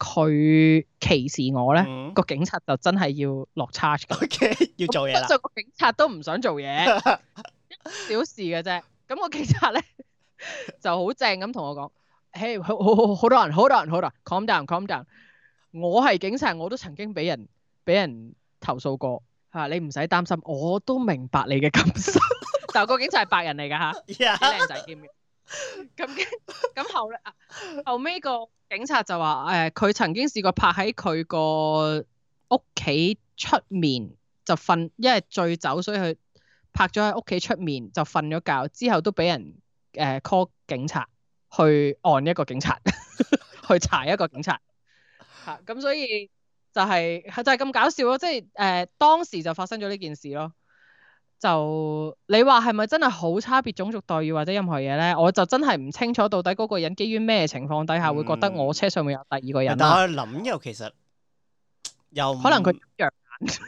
佢歧視我咧，個警察就真係要落 charge。嘅，okay，要做嘢啦。不過個警察都唔想做嘢， <laughs> 小事嘅啫。咁，個警察咧就好正咁同我講：誒，好好好多人，好多人，好多人，calm down，calm down。我係警察，我都曾經俾人俾人投訴過，嚇你唔使擔心，我都明白你嘅感受。 <laughs> <laughs> 但個警察係白人嚟㗎嚇，靚仔 Yeah. 咁嘅咁後咧啊後尾個警察就話誒佢曾經試過拍喺佢個屋企出面就瞓，因為醉酒所以佢拍咗喺屋企出面就瞓咗覺之後都俾人誒 call、呃、警察去按一個警察 <laughs> 去查一個警察吓咁、啊、所以就係、是、就係、是、咁搞笑咯，即係誒當時就發生咗呢件事咯。就你話係咪真係好差別種族待遇或者任何嘢咧？我就真係唔清楚到底嗰個人基於咩情況底下會覺得我車上面有第二個人，嗯。但係我諗又其實又可能佢有羊眼。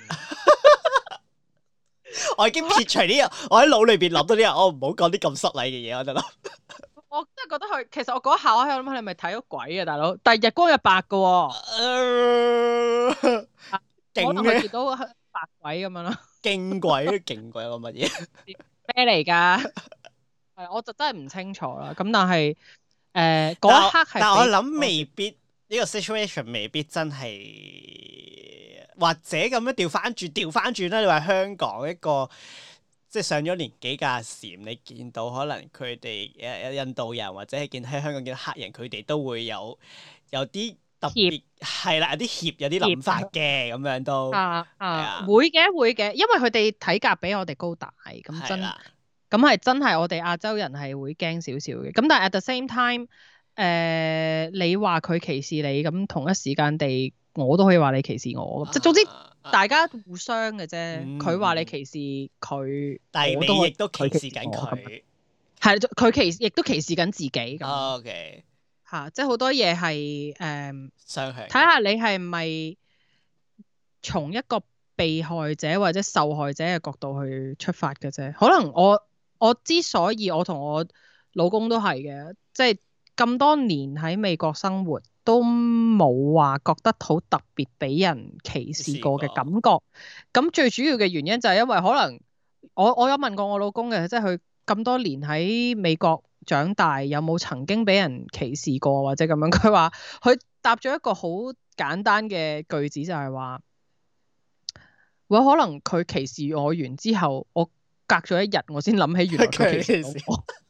<laughs> <laughs> 我已經撇除呢啲我喺腦裏邊諗到呢啊！我唔好講啲咁失禮嘅嘢，我得啦。我真係覺得佢其實我嗰下我喺度諗佢係咪睇到鬼啊，大佬！但係日光日白嘅喎，哦。可能佢見到白鬼咁樣啦。勁鬼勁鬼個乜嘢？咩嚟噶？係 <laughs> 我就真係唔清楚啦。咁但係誒嗰一刻係，但我諗未必呢個 situation 未必真係，或者咁樣調翻轉調翻轉咧。你話香港一個即係上咗年紀架禪，你見到可能佢哋誒印度人或者係見喺香港見到黑人，佢哋都會有有啲。特別係啦，有啲怯，有啲諗法嘅，咁樣都啊，啊的會嘅，會嘅，因為佢哋體格比我哋高大，咁真，咁係的真係我哋亞洲人係會驚少少嘅。咁但係 at the same time，誒，你話佢歧視你，咁同一時間地，我都可以話你歧視我。即、啊啊、總之，大家互相嘅啫。佢話、嗯、你歧視佢，但係你亦都歧視緊佢。係，佢歧亦都歧視緊他自己。啊、o、Okay. k 嚇，啊！即係好多嘢係誒，嗯、睇下你係咪從一個被害者或者受害者嘅角度去出發嘅啫。可能我我之所以我同我老公都係嘅，即係咁多年喺美國生活都冇話覺得好特別俾人歧視過嘅感覺。咁最主要嘅原因就係因為可能我我有問過我老公嘅，即係佢咁多年喺美國。長大有冇曾經俾人歧視過或者咁樣？佢話佢答咗一個好簡單嘅句子，就係話：會可能佢歧視我完之後，我隔咗一日我先諗起原來佢歧視我。 <laughs> <laughs>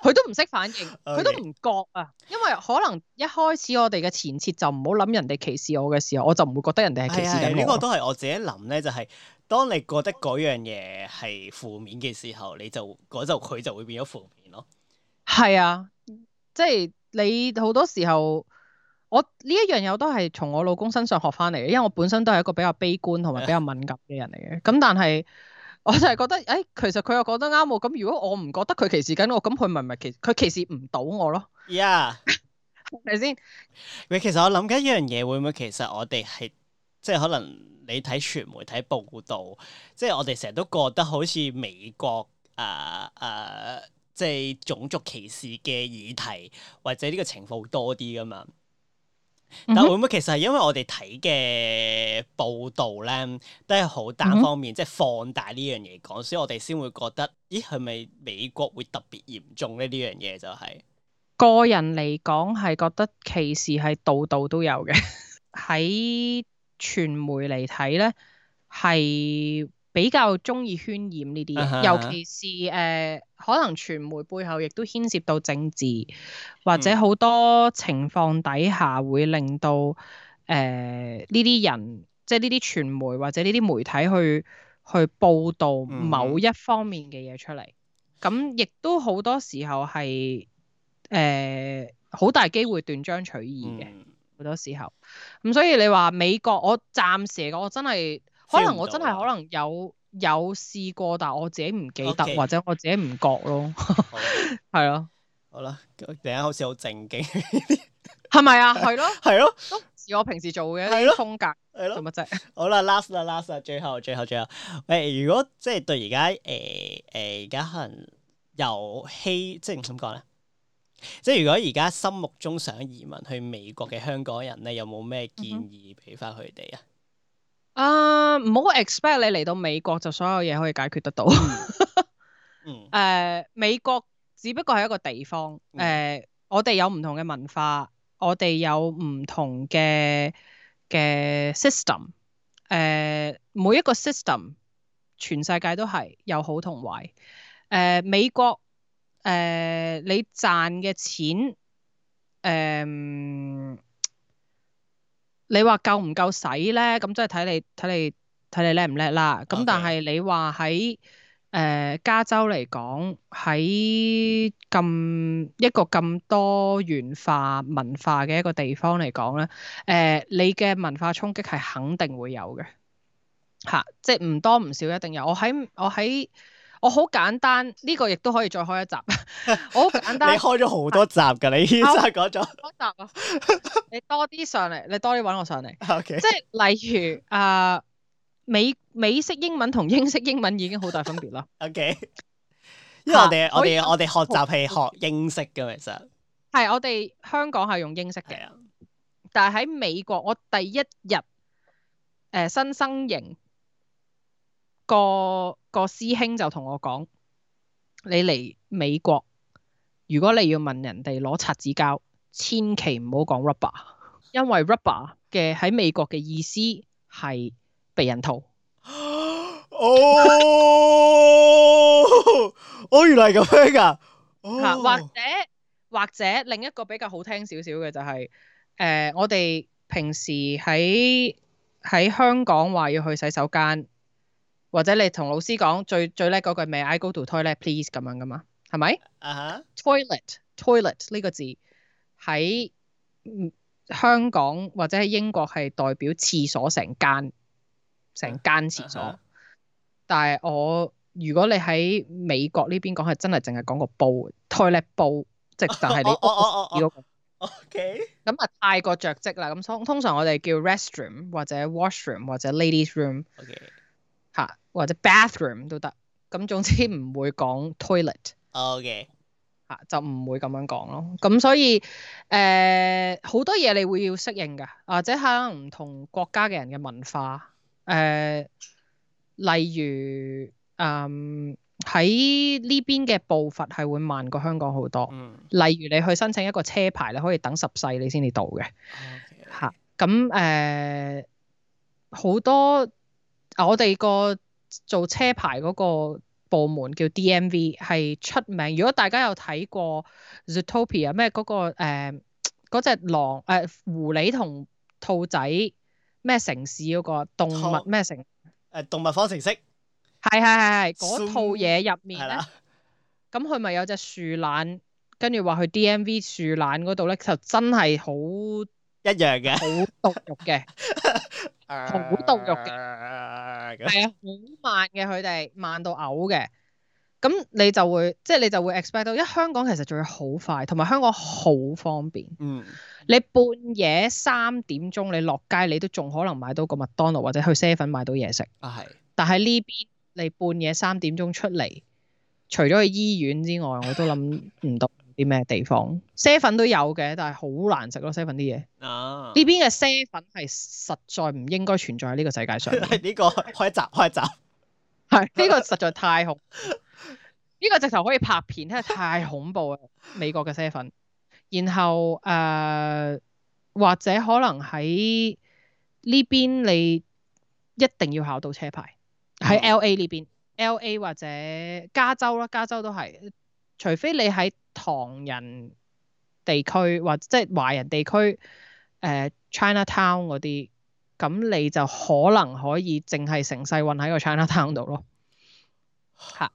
佢都唔識反應，佢 Okay. 都唔覺啊，因為可能一開始我哋嘅前設就唔好諗人哋歧視我嘅時候，我就唔會覺得人哋係歧視緊我。呢個都係我自己諗咧，就係、是、當你覺得嗰樣嘢係負面嘅時候，你就嗰就佢就會變咗負面咯。係啊，即係你好多時候，我呢一樣嘢我都係從我老公身上學翻嚟嘅，因為我本身都係一個比較悲觀同埋比較敏感嘅人嚟嘅。咁 <laughs> 但係，我就係覺得，誒、哎，其實佢又講得啱我。咁如果我唔覺得佢歧視緊我，咁佢咪咪歧，佢歧視唔到我咯。Yeah，係 <laughs> 先？喂，其實我諗緊一樣嘢，會唔會其實我哋係即係可能你睇傳媒睇報道，即係我哋成日都覺得好似美國誒誒、啊啊，即係種族歧視嘅議題或者呢個情況多啲噶嘛？但會唔會其實係因為我哋睇嘅報道咧，都係好單方面，嗯、哼即係放大呢樣嘢講，所以我哋先會覺得，咦，係咪美國會特別嚴重咧？呢樣嘢就係、係、個人嚟講，係覺得歧視係度度都有嘅。喺 <laughs> 傳媒嚟睇咧，係。比較鍾意渲染呢啲，uh huh. 尤其是誒、呃、可能傳媒背後亦都牽涉到政治，mm hmm. 或者好多情況底下會令到誒呢啲人，即係呢啲傳媒或者呢啲媒體去去報導某一方面嘅嘢出嚟，咁亦、mm hmm. 都好多時候係誒好大機會斷章取義嘅，好、mm hmm. 多時候。咁、嗯、所以你話美國，我暫時嚟講，我真係。可能我真係可能有有試過，但係我自己唔記得，Okay. 或者我自己唔覺咯。係咯吧， <laughs> 啊、好啦，突然間好似好正經，係 <laughs> 咪啊？係咯、啊，係咯、啊，都似我平時做嘅風格。係咯、啊，做乜啫？好啦，last 啦，last 啦，最後，最後，最後。誒、欸，如果即係對而家，誒、呃、誒，而、呃、家可能由希，即係點講咧？即係如果而家心目中想移民去美國嘅香港人咧，有冇咩建議俾翻佢哋啊？Mm hmm. 啊，唔好 expect 你嚟到美國就所有嘢可以解決得到。誒、 <laughs> mm，hmm. uh, 美國只不過係一個地方，誒、mm，hmm. uh, 我哋有唔同嘅文化，我哋有唔同嘅嘅 system。誒，uh, 每一個 system，全世界都係有好同壞。誒、uh,，美國，誒、uh,，你賺嘅錢，嗯、uh,。你話夠唔夠使咧？咁真係睇你睇你睇你叻唔叻啦。咁 Okay. 但係你話喺誒加州嚟講，喺咁一個咁多元化文化嘅一個地方嚟講咧，誒、呃、你嘅文化衝擊係肯定會有嘅。嚇、啊，即係唔多唔少一定有。我喺我喺。我好簡單，呢、這個亦都可以再開一集。 <laughs> 我好簡單。 <laughs> 你開咗好多集㗎，你真咗。 <laughs> 多集啊！你多啲上嚟，你多啲揾我上嚟。OK 即。即係例如啊、呃，美美式英文同英式英文已經好大分別啦。OK。 <laughs> 因為我哋我哋 <laughs> 以我哋學習係學英式嘅，其實。係我哋香港係用英式嘅，啊、但係喺美國，我第一日誒、呃、新生營。個個師兄就同我講：你嚟美國，如果你要問人哋攞擦紙膠，千祈唔好講 rubber，因為 rubber 嘅喺美國嘅意思係避孕套。 <laughs> 哦，我原來係咁樣㗎。哦、或者或者另一個比較好聽少少嘅就係、是、誒、呃，我哋平時喺喺香港話要去洗手間。或者你同老師講，最最叻嗰句咪 I go to toilet please 咁樣噶嘛，係咪？啊嚇！Toilet，toilet 呢個字喺香港或者喺英國係代表廁所，成間成間廁所，uh huh. 但係我如果你喺美國呢邊講，係真係淨係講個煲，煲煲即係就係你屋屋企嗰個 OK。咁啊，太過着職啦，咁通通常我哋叫 restroom 或者 washroom 或者 ladies room。OK。或者 bathroom 都得，咁總之唔會講 toilet Okay. 會。O K，吓就唔會咁樣講咯。咁所以，誒、呃、好多嘢你會要適應噶，或者可能唔同國家嘅人嘅文化。誒、呃，例如，嗯喺呢邊嘅步伐係會慢過香港好多。嗯。例如你去申請一個車牌，你可以等十世你先至到嘅。O K。吓咁，誒好、呃、多、啊、我哋個。做車牌嗰個部門叫 DMV 係出名，如果大家有睇過 Zootopia 咩嗰、那個誒嗰隻狼誒、呃、狐狸同兔仔咩城市嗰、那個動物咩城誒、嗯呃、動物方程式，係係係係嗰套嘢入面咧，咁佢咪有隻樹懶，跟住話去 DMV 樹懶嗰度咧就真係好一樣嘅，好 <laughs> 毒肉嘅，好毒肉嘅，係啊， <laughs> 好慢嘅佢哋，慢到嘔嘅。咁你就會，即係你就會 expect 到，因為香港其實仲要好快，同埋香港好方便。嗯，你半夜三點鐘你落街，你都仲可能買到個麥當勞或者去 seven 買到嘢食。係，但喺呢邊你半夜三點鐘出嚟，除咗去醫院之外，我都諗唔到。 <laughs> 啲咩地方？啡粉都有嘅，但係好難食咯。啡粉啲嘢，呢邊嘅啡粉係實在唔應該存在喺呢個世界上。呢 <laughs> 個開閘開閘，係呢、 <laughs> 這個實在太恐，呢、這個直頭可以拍片，真係太恐怖啦！ <laughs> 美國嘅啡粉，然後誒、呃、或者可能喺呢邊你一定要考到車牌喺 L A 呢邊，L A 或者加州啦，加州都係。除非你喺唐人地區或者即係華人地區，誒、呃、China Town 嗰啲，咁你就可能可以淨係成世運喺個 China Town 度咯，嚇，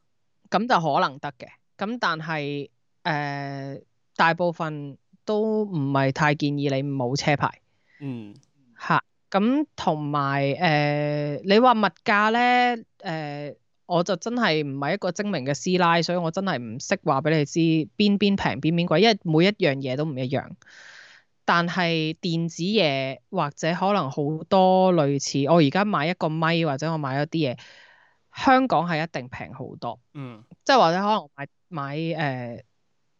咁就可能得嘅。咁但係誒、呃、大部分都唔係太建議你冇車牌，嗯，嚇、嗯，咁同埋誒你話物價咧，誒、呃。我就真係唔係一個精明嘅師奶，所以我真係唔識話俾你知邊邊平邊邊貴，因為每一樣嘢都唔一樣。但係電子嘢或者可能好多類似，我而家買一個咪，或者我買一啲嘢，香港係一定平好多。嗯，即係或者可能買買誒、呃、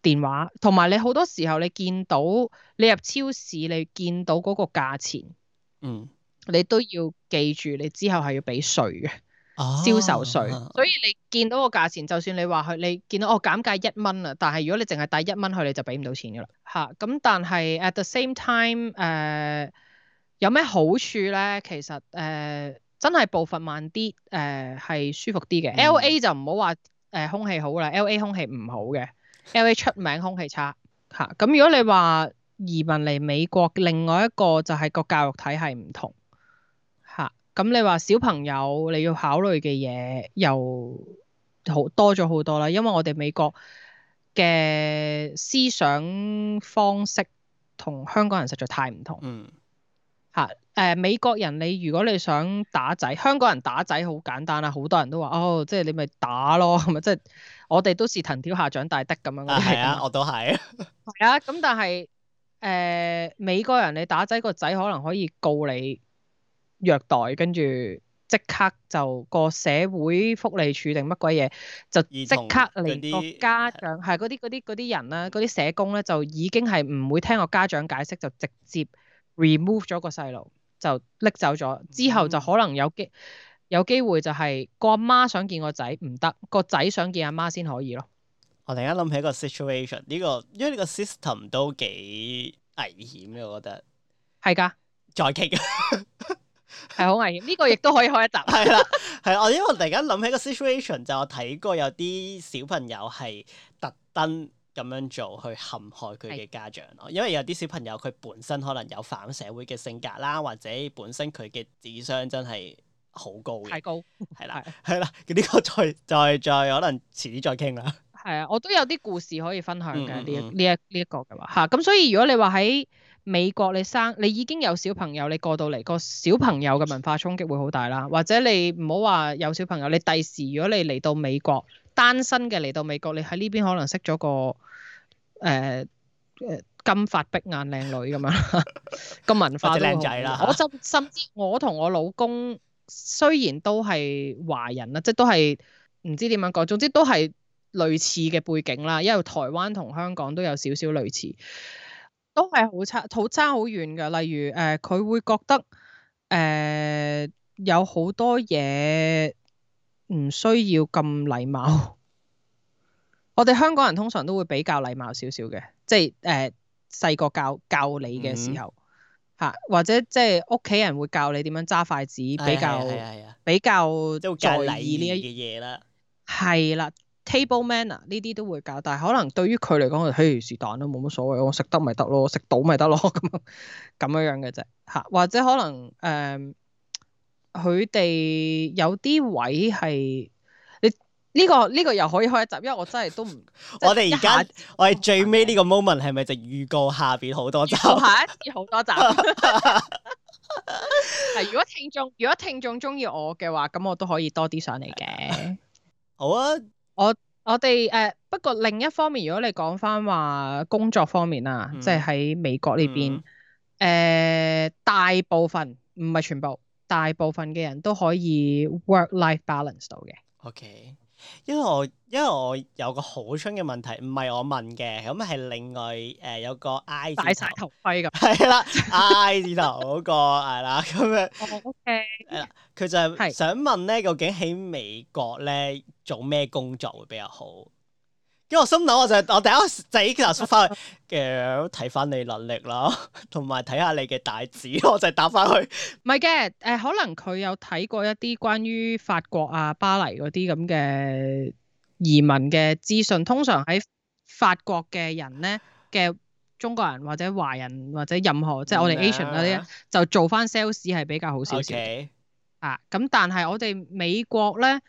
電話，同埋你好多時候你見到你入超市你見到嗰個價錢，嗯，你都要記住你之後係要俾稅嘅。銷售稅，啊、所以你見到個價錢，就算你話佢，你見到我減價一蚊啊，但係如果你淨係帶一蚊去，你就俾唔到錢噶啦，吓咁。但係 at the same time，誒、呃、有咩好處咧？其實誒、呃、真係步伐慢啲，誒、呃、係舒服啲嘅。嗯、L A 就唔好話誒空氣好啦，L A 空氣唔好嘅，L A 出名空氣差，吓咁。 <laughs> 如果你話移民嚟美國，另外一個就係個教育體系唔同。咁你話小朋友你要考慮嘅嘢又好多咗好多啦，因為我哋美國嘅思想方式同香港人實在太唔同，嗯、啊。嗯。嚇！美國人你如果你想打仔，香港人打仔好簡單啦，好多人都話：哦，即係你咪打咯，咁啊！即係我哋都是藤條下長大的咁樣。係啊，啊，我都係。係 <laughs> 啊，咁但係誒、呃、美國人你打仔，個仔可能可以告你。虐待，跟住即刻就個社會福利處定乜鬼嘢，就即刻連個家長係嗰啲嗰啲嗰啲人啦，嗰啲社工咧，就已經係唔會聽個家長解釋，就直接 remove 咗個細路，就拎走咗。之後就可能有機有機會就係、是、個阿媽想見個仔唔得，個仔想見阿媽先可以咯。我突然間諗起一個 situation，呢、這個因為呢個 system 都幾危險嘅，我覺得係㗎。的再傾細。 <laughs> 係好 <laughs> 危險，呢個亦都可以開一集，係 <laughs> 啦，係啦。我因為我突然間諗起個 situation， <laughs> 就我睇過有啲小朋友係特登咁樣做，去陷害佢嘅家長咯。的因為有啲小朋友佢本身可能有反社會嘅性格啦，或者本身佢嘅智商真係好高，太高，係 <laughs> 啦，係啦。呢個再再再可能遲啲再傾啦。係啊，我都有啲故事可以分享嘅，呢呢一呢一個嘅話，吓 <laughs> 咁所以如果你話喺。美國你生你已經有小朋友，你過到嚟個小朋友嘅文化衝擊會好大啦。或者你唔好話有小朋友，你第時如果你嚟到美國，單身嘅嚟到美國，你喺呢邊可能識咗個誒誒、呃、金髮碧眼靚女咁樣嘅 <laughs> 文化 <laughs> 或者靚仔啦。我甚至我同我老公雖然都係華人啦，即都係唔知點樣講，總之都係類似嘅背景啦，因為台灣同香港都有少少類似。都係好差，都差好遠㗎。例如，誒、呃，佢會覺得誒、呃、有好多嘢唔需要咁禮貌。 <laughs> 我哋香港人通常都會比較禮貌少少嘅，即係誒細個教教你嘅時候，吓、嗯、或者即係屋企人會教你點樣揸筷子，比較、哎哎、比較在意呢一嘢啦，係啦。Table manner 呢啲都會搞，但係可能對於佢嚟講，嘿是但都冇乜所謂，我食得咪得咯，食到咪得咯，咁樣咁樣樣嘅啫嚇。或者可能誒，佢哋有啲位係你呢個呢個又可以開一集，因為我真係都唔，就是、我哋而家我哋最尾呢個 moment 係咪就預告下邊好多集，下一次好多集？係如果聽眾如果聽眾中意我嘅話，咁我都可以多啲上嚟嘅。 <laughs> 好啊。我我哋誒、呃、不過另一方面，如果你講翻話工作方面啊，嗯、即係喺美國呢邊誒、嗯呃、大部分唔係全部，大部分嘅人都可以 work-life balance 到嘅。Okay. 因為我因為我有個好蠢嘅問題，唔係我問嘅，咁係另外誒、呃、有個 I 字頭，大頭盔咁，係啦 <laughs> I 字頭嗰、那個係啦，咁 <laughs> 樣，O K，係啦，佢 Okay. 就係想問咧，究竟喺美國咧做咩工作會比較好？因咁我心諗我就係、我第一就仔家出翻去嘅睇翻你能力啦，同埋睇下你嘅大字，我就打翻去。唔係嘅，誒、呃，可能佢有睇過一啲關於法國啊、巴黎嗰啲咁嘅移民嘅資訊。通常喺法國嘅人咧嘅中國人或者華人或者任何，嗯啊、或者任何即係我哋 Asian 嗰啲，就做翻 sales 係比較好少少。Okay. 啊，咁但係我哋美國咧。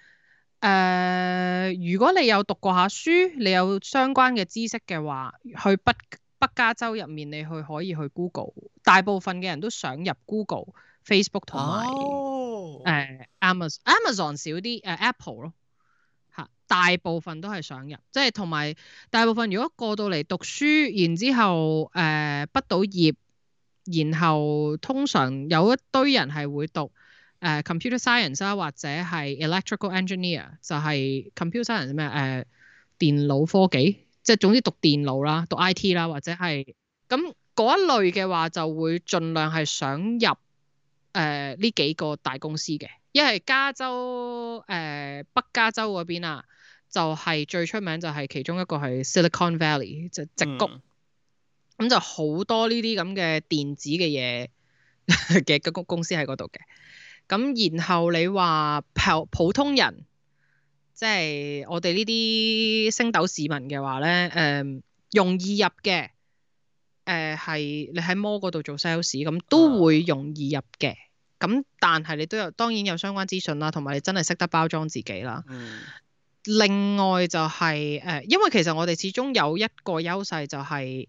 誒、呃，如果你有讀過下書，你有相關嘅知識嘅話，去北北加州入面，你去可以去 Google。大部分嘅人都想入 Google、Facebook 同埋、哦、誒、呃、Amazon，Amazon 少啲，誒、uh, Apple 咯。嚇，大部分都係想入，即係同埋大部分如果過到嚟讀書，然之後誒畢、呃、到業，然後通常有一堆人係會讀。誒、uh, computer science, engineer, science、uh, 啦，啦，或者係 electrical engineer，就係 computer science 咩誒電腦科技，即係總之讀電腦啦，讀 I T 啦，或者係咁嗰一類嘅話，就會盡量係想入誒呢、呃、幾個大公司嘅。一係加州誒、呃、北加州嗰邊啊，就係、是、最出名就係其中一個係 Silicon Valley，即係直谷，咁、嗯、就好多呢啲咁嘅電子嘅嘢嘅嗰個公司喺嗰度嘅。咁然後你話普，普通人，即係我哋呢啲星斗市民嘅話咧，誒、嗯、容易入嘅，誒、呃、係你喺魔嗰度做 sales，咁都會容易入嘅。咁但係你都有當然有相關資訊啦，同埋你真係識得包裝自己啦。嗯、另外就係、是、誒、呃，因為其實我哋始終有一個優勢就係、是、誒、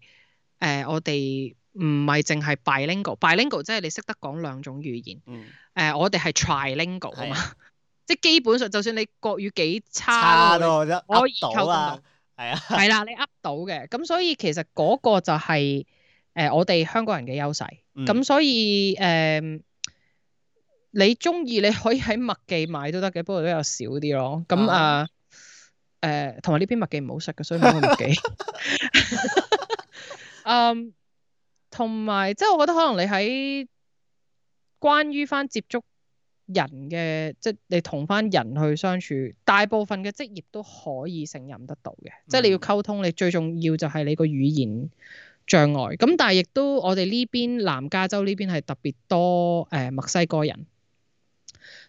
呃、我哋。唔係淨係 bilingual，bilingual 即係你識得講兩種語言。嗯。呃、我哋係 trilingual 係嘛？啊、 <laughs> 即係基本上，就算你國語幾差，差都了你、啊、可以而後係啊，係啦、啊，你噏到嘅。咁所以其實嗰個就係、係、誒、呃、我哋香港人嘅優勢。咁、嗯、所以誒、呃，你中意你可以喺麥記買都得嘅，不過都有少啲咯。咁啊誒，同埋呢邊麥記唔好食嘅，所以冇麥記。嗯。 <laughs> <laughs> um, 同埋，即係我覺得可能你喺關於翻接觸人嘅，即係你同翻人去相處，大部分嘅職業都可以勝任得到嘅。嗯、即係你要溝通，你最重要就係你個語言障礙，咁但係亦都我哋呢邊南加州呢邊係特別多誒、呃、墨西哥人，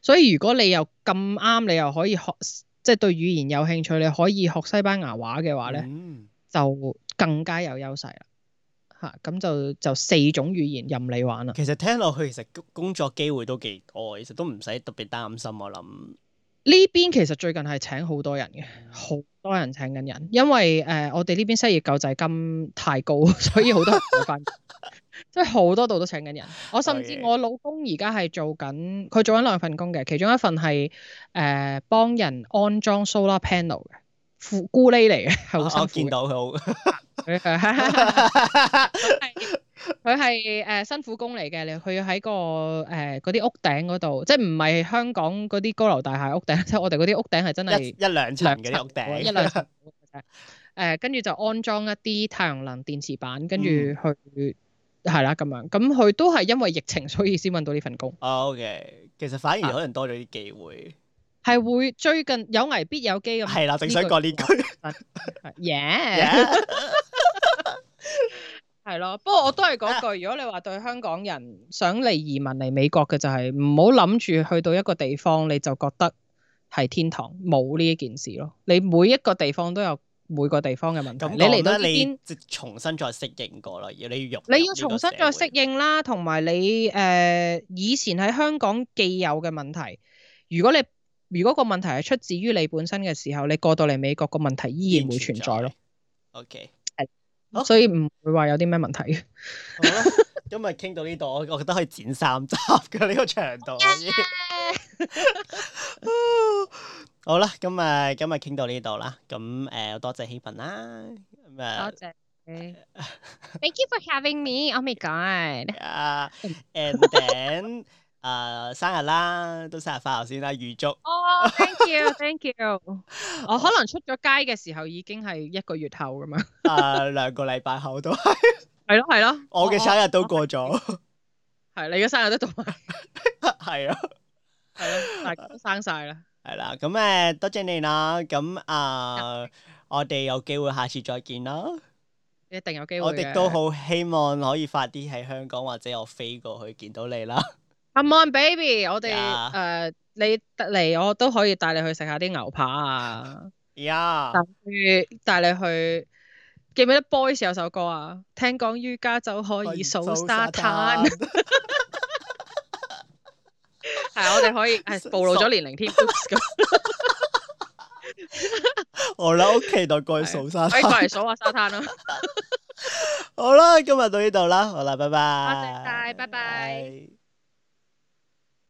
所以如果你又咁啱，你又可以學，即係對語言有興趣，你可以學西班牙話嘅話咧，嗯、就更加有優勢啦。吓咁、啊、就就四種語言任你玩啦。其實聽落去其實工作機會都幾多，其實都唔使特別擔心。我諗呢邊其實最近係請好多人嘅，好多人請緊人，因為誒、呃、我哋呢邊失業救濟金太高， <laughs> 所以好多人 <laughs> 即係好多度都請緊人。我甚至我老公而家係做緊，佢做緊兩份工嘅，其中一份係誒幫人安裝 solar panel 姑啊、苦孤喱嚟嘅，係我見到佢好，佢係誒辛苦工嚟嘅。你佢喺個誒嗰啲屋頂嗰度，即係唔係香港嗰啲高樓大廈屋頂，即係我哋嗰啲屋頂係真係一兩層嘅啲屋頂。一兩層誒，跟住 <laughs> 就安裝一啲太陽能電池板，跟住去係啦咁樣。咁佢都係因為疫情，所以先揾到呢份工。嗯啊、o、okay、k 其實反而可能多咗啲機會。係會最近有危必有機咁，係啦，正想講呢句。耶，係咯。不過我都係嗰句，如果你話對香港人想嚟移民嚟美國嘅，就係唔好諗住去到一個地方你就覺得係天堂，冇呢一件事咯。你每一個地方都有每個地方嘅問題。你嚟到呢邊，就重新再適應過啦。要你要用你要重新再適應啦，同埋你誒以前喺香港既有嘅問題，如果你如果個問題係出自於你本身嘅時候，你過到嚟，美國個問題依然會存在咯。O、okay. K，的、oh? 所以唔會話有啲咩問題 <laughs> 。今日傾到呢度，我我覺得可以剪三集嘅呢、這個長度。 <laughs> Yeah! <laughs> 好啦，今日今日傾到呢度啦。咁誒、呃，多謝 Heyman 啦。多謝。 <laughs> Thank you for having me. Oh my God.、Yeah. And then. <laughs> 誒，生日啦，都生日快樂先啦，預祝。哦，thank you，thank you。我可能出咗街嘅時候已經係一個月後噶嘛。誒，兩個禮拜後都係。係咯，係咯。我嘅生日都過咗。係你嘅生日都到埋。係啊。係咯，大家都生晒啦。係啦，咁誒，多謝你啦。咁啊，我哋有機會下次再見啦。一定有機會。我哋都好希望可以快啲喺香港或者我飛過去見到你啦。Come on, baby！我哋誒 Yeah.、uh, 你嚟，我都可以帶你去食下啲牛扒啊！呀 Yeah.，等於帶你去，記唔記得 Boys 有首歌啊？聽講於家就可以數沙灘。係我哋可以係暴露咗年齡添。我啦，屋企就過去數沙。可以過嚟數下沙灘啦。 <laughs> <laughs> 好啦，今日到呢度啦，好啦，拜拜。好，再拜拜。拜拜。